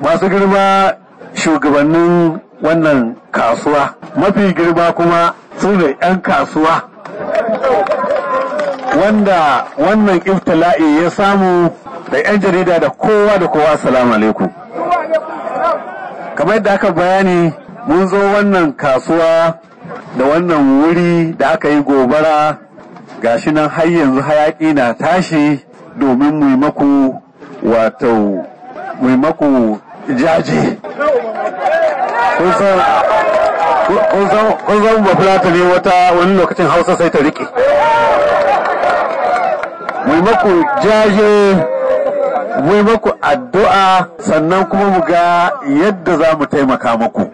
masu girma shugabannin wannan kasuwa mafi girma kuma su ne 'yan kasuwa wanda wannan iftila'i ya samu da 'yan jarida da kowa da kowa salamu alaikum kamar yadda aka bayani mun zo wannan kasuwa da wannan wuri da aka yi gobara gashi nan har yanzu hayaki na tashi domin muimaku wato muimaku jaji kun san bafulata ne wata wani lokacin hausa sai ta rike maimako jaje maimako addu'a sannan kuma mu ga yadda za mu taimaka maku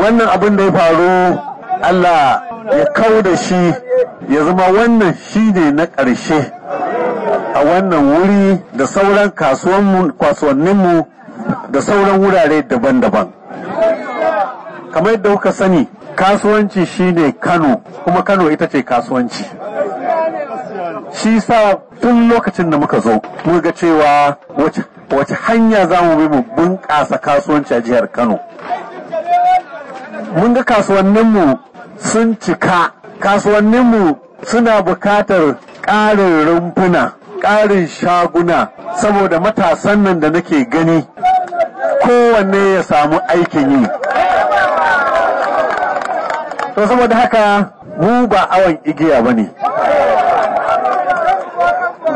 wannan abin da ya faru Allah ya kau da shi ya zama wannan shi ne na ƙarshe a wannan wuri da sauran kasuwanninmu da sauran wurare daban-daban kamar yadda kuka sani kasuwanci shine kano kuma kano ita ce kasuwanci shi sa tun lokacin da muka zo muka ga cewa wace hanya za mu bi mu bunƙasa kasuwanci a jihar kano mun ga kasuwanninmu sun cika kasuwanninmu suna bukatar ƙarin rumfuna ƙarin shaguna saboda matasan nan da nake gani kowanne ya samu aikin yi to saboda haka mu ba awon igiya ba ne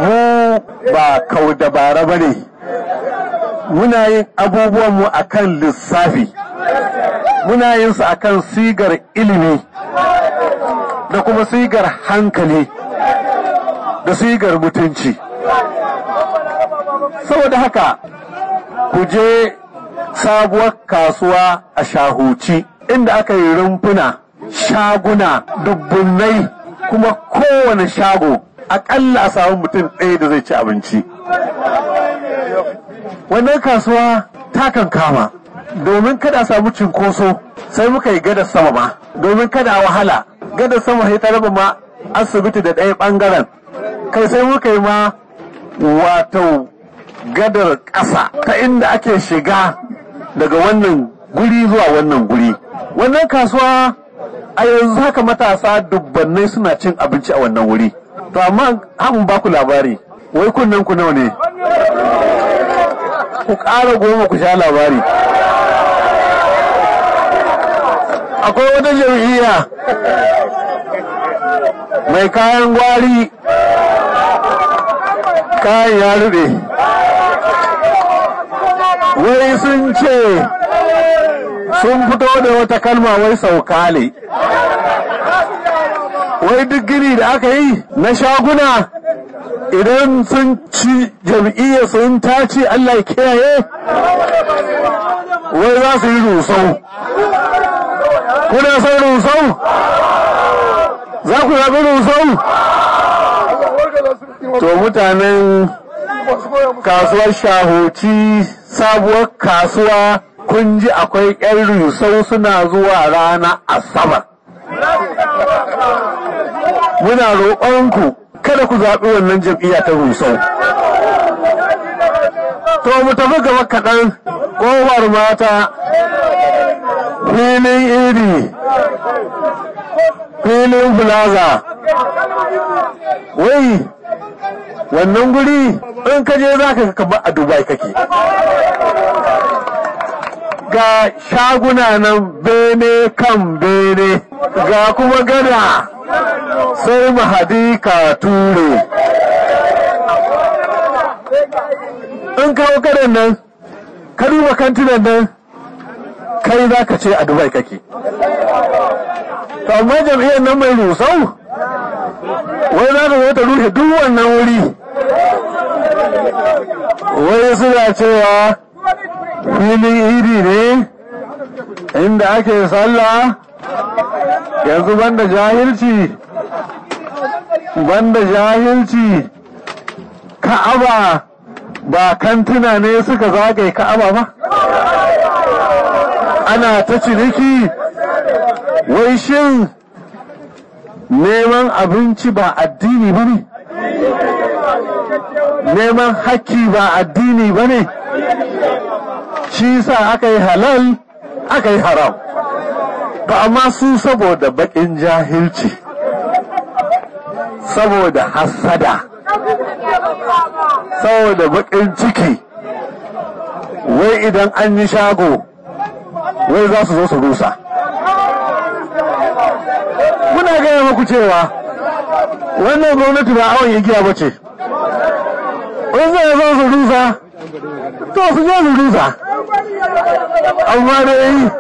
mu ba kau dabara ba ne muna yin abubuwanmu a kan lissafi muna yin su a kan sigar ilimi da kuma sigar hankali da sigar mutunci saboda haka ku je sabuwar kasuwa a shahuci inda aka yi rumfuna shaguna dubbunai kuma kowane shago aƙalla a samu mutum ɗaya da zai ci abinci wannan kasuwa ta kan kama domin kada samu cinkoso sai muka yi gada sama ma domin kada a wahala gada sama sai ta raba ma asibiti da ɗaya ɓangaren kai sai muka yi ma wato gadar ƙasa ta inda ake shiga daga wannan guri zuwa wannan guri wannan kasuwa a yanzu haka matasa dubbannai suna cin abinci a wannan wuri to amma hamun ba ku labari wai kunnen ku nawa ne ku ƙara goma ku sha labari akwai wata jam'iyya mai kayan gwari kayan ya rube wai sun ce sun fito da wata kalma wai saukale wai duk gini da aka yi na shaguna idan sun ci jam'iyya sun tace Allah kiyaye wai za su yi rusau kuna son rusau za ku yabi rusau to mutanen kasuwar shahoci sabuwar kasuwa kun ji akwai 'yan rusau suna zuwa rana asabar muna roƙonku kada ku zaɓi wannan jam'iyya ta rusau to mu tafi gaba kaɗan ƙofar mata filin iri filin plaza wai wannan guri in ka je za ka kamar a dubai kake ga shaguna nan bene kan bene ga kuma gada sai mahadi ka ture in kawo karen nan ka duba kantunan nan kai za ka ce a dubai kake to amma jam'iyyar nan mai rusau wai za ta zo ta rushe duk wannan wuri wai suna cewa filin idi ne inda ake sallah yanzu banda jahilci banda jahilci ka'aba ba kantuna ne suka zagaye ka'aba ba ana ta ciniki wai shin neman abinci ba addini ba ne neman haƙƙi ba addini ba ne shi sa aka yi halal aka yi haram ba amma su saboda baƙin jahilci saboda hassada saboda baƙin ciki wai idan an yi shago wai za su zo su rusa muku cewa wannan gwamnati ba awon igiya ba ce in zai zo su rusa to su je su rusa amma dai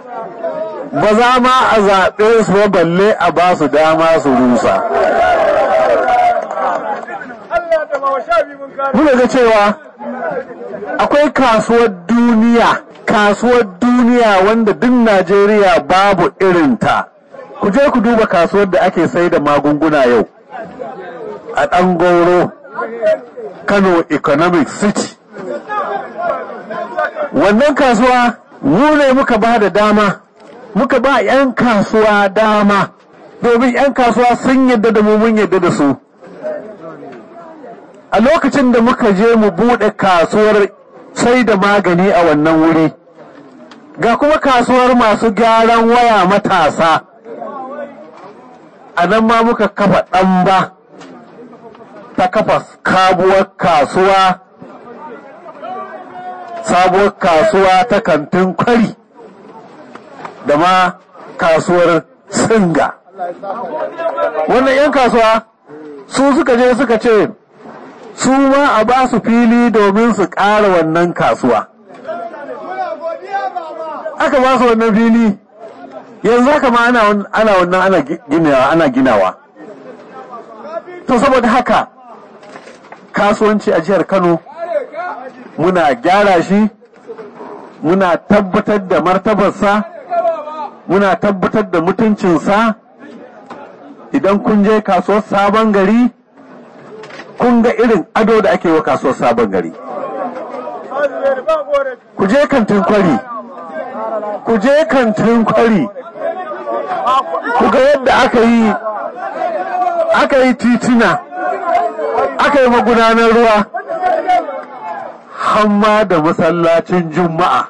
ba za ma a zaɓe su ba balle a ba su dama su rusa muna ga cewa akwai kasuwar duniya kasuwar duniya wanda duk najeriya babu irinta ku je ku duba kasuwar da ake sai da magunguna yau a ɗan goro kano economic city wannan kasuwa mu ne muka ba da dama muka ba 'yan kasuwa dama domin 'yan kasuwa sun yadda da mu mun yadda da su a lokacin da muka je mu buɗe kasuwar sai da magani a wannan wuri ga kuma kasuwar masu gyaran waya matasa a nan ma muka kafa ɗan ba ta kafa kabuwar kasuwa sabuwar kasuwa ta kantin kwari da ma kasuwar singa wannan 'yan kasuwa su suka je suka ce su ma a ba su fili domin su ƙara wannan kasuwa aka ba su wannan fili yanzu haka ma ana wannan ana ginawa ana ginawa to saboda haka kasuwanci a jihar Kano muna gyara shi muna tabbatar da martabarsa muna tabbatar da mutuncinsa idan kun je kasuwar sabon gari kun ga irin ado da ake wa kasuwar sabon gari ku je kantin kwari ku je kantin kwari ga yadda aka yi aka yi titina aka yi magudanar ruwa hamma da masallacin juma'a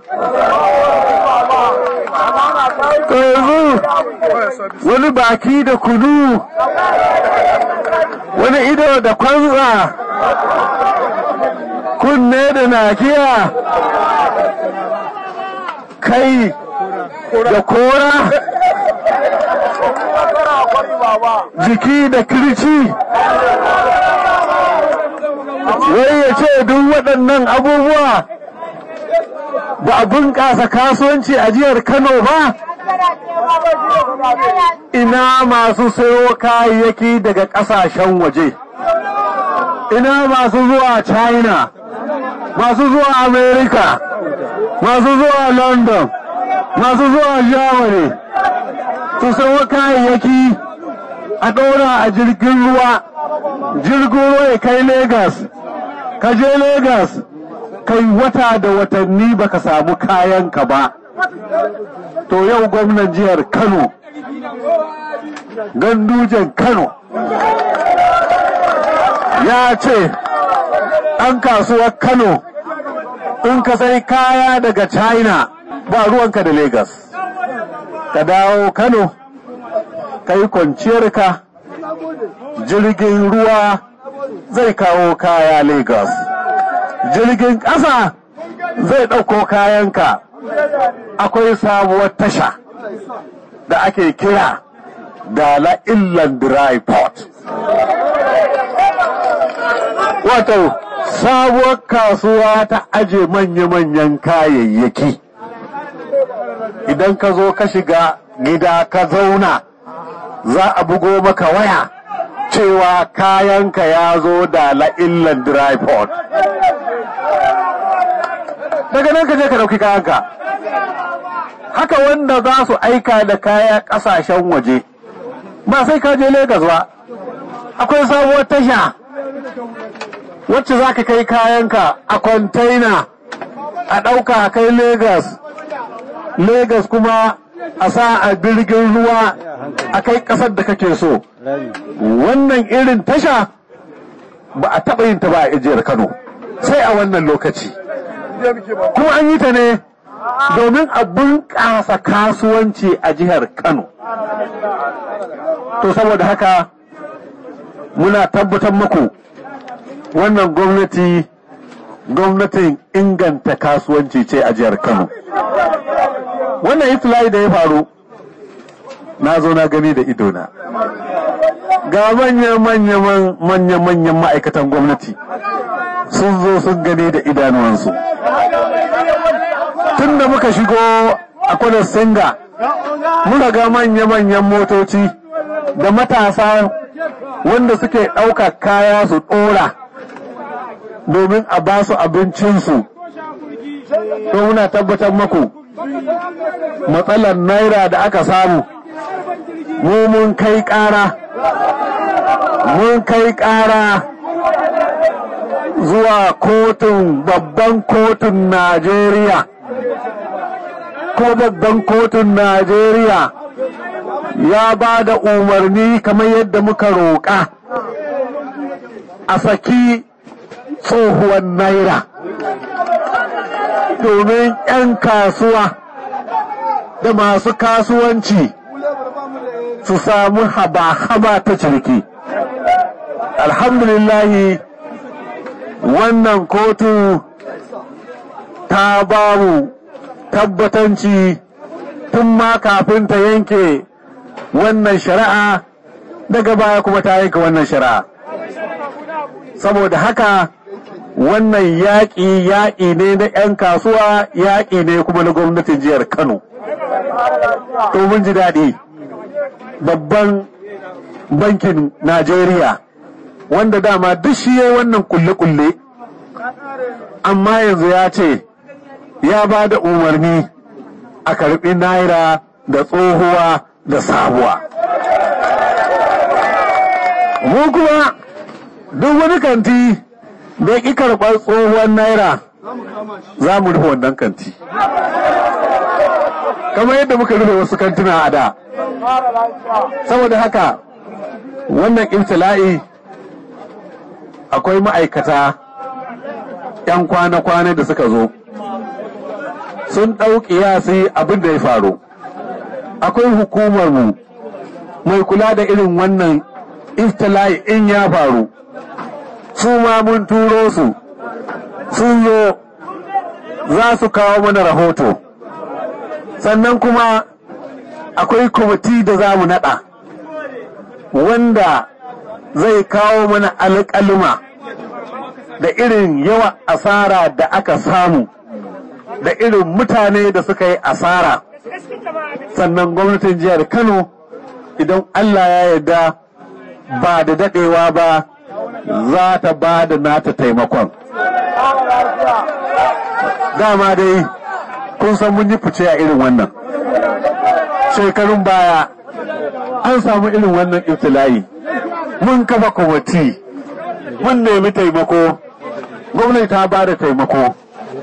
yanzu wani baki da kunu wani ido da kwanza kunne da nakiya kai da kora jiki da kirci wai ya ce duk waɗannan abubuwa ba a bunƙasa kasuwanci a jihar kano ba ina masu sayo kayayyaki daga ƙasashen waje ina masu zuwa china masu zuwa america masu zuwa london masu zuwa germany su sawo kayayyaki a ɗora a jirgin ruwa jirgin ruwa ya kai Legas ka je Legas kai wata da watanni baka samu kayanka ba to yau gwamnan jihar Kano gandujen Kano ya ce ɗan kasuwar Kano in ka sai kaya daga China ba ruwanka da Legas ka dawo Kano ka yi kwanciyarka jirgin ruwa zai kawo kaya Lagos jirgin ƙasa zai ɗauko kayanka akwai sabuwar tasha da ake kira Dala Inland Dry Port wato sabuwar kasuwa ta aje manya-manyan kayayyaki idan ka zo ka shiga gida ka zauna za a bugo maka waya cewa kayanka ya zo da la'illan tripod daga nan ka je ka ɗauki kayanka haka wanda za su aika da kaya ƙasashen waje ba sai ka je Legas ba akwai sabuwar tasha wacce za ka kai kayanka a kwantaina a ɗauka kai Legas Legas kuma a sa a birgin ruwa a kai ƙasar da kake so. Wannan irin tasha ba a taɓa yin ta ba a ijiyar Kano sai a wannan lokaci. Kuma an yi ta ne domin a bunƙasa kasuwanci a jihar Kano. To saboda haka muna tabbatar muku wannan gwamnati gwamnatin inganta kasuwanci ce a jihar Kano. wannan iftila'i da ya faru na zo na gani da idona ga manya-manyan ma'aikatan gwamnati sun zo sun gani da idanuwansu tun da muka shigo a kwanar singa muka ga manya-manyan motoci da matasa wanda suke ɗauka kaya su ɗora domin a ba su abincinsu to muna tabbatar maku matsalar naira da aka samu mu mun kai ƙara mun kai ƙara zuwa kotun babban kotun najeriya ko babban kotun najeriya ya ba da umarni kamar yadda muka roƙa a saki tsohuwan naira domin 'yan kasuwa da masu kasuwanci su samu haba-haba ta ciniki alhamdulillahi wannan kotu ta bamu tabbatanci tun ma kafin ta yanke wannan shari'a daga baya kuma ta yanke wannan shari'a saboda haka wannan yaƙi yaƙi ne na 'yan kasuwa yaƙi ne kuma na gwamnatin jihar kano to ji daɗi babban bankin najeriya wanda dama duk shi yayi wannan kulle-kulle amma yanzu ya ce ya ba da umarni a karɓi naira da tsohuwa da sabuwa mu kuma duk wani kanti da ki karɓar tsohuwar naira za mu rufe wannan kanti kamar yadda muka rufe wasu kantuna a da saboda haka wannan ibtila'i akwai ma'aikata 'yan kwana-kwana da suka zo sun ɗauki yasi abin da ya faru akwai hukumarmu mai kula da irin wannan iftila'i in ya faru su ma mun turo su sun zo za su kawo mana rahoto sannan kuma akwai kwamiti da za mu naɗa wanda zai kawo mana alƙaluma da irin yawa asara da aka samu da irin mutane da suka yi asara sannan gwamnatin jihar kano idan allah ya yarda ba da daɗewa ba za ta ba da nata taimakon dama dai kun san mun yi fice a irin wannan shekarun baya an samu irin wannan iftila'i mun kafa kwamati mun nemi taimako gwamnati ta ba da taimako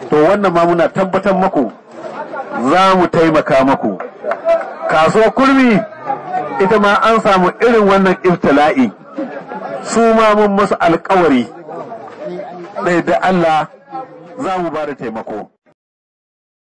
to wannan ma muna tabbatar maku za mu taimaka maku kasuwar kurmi ita ma an samu irin wannan iftila'i su ma mun masu alkawari da Allah za mu ba da taimako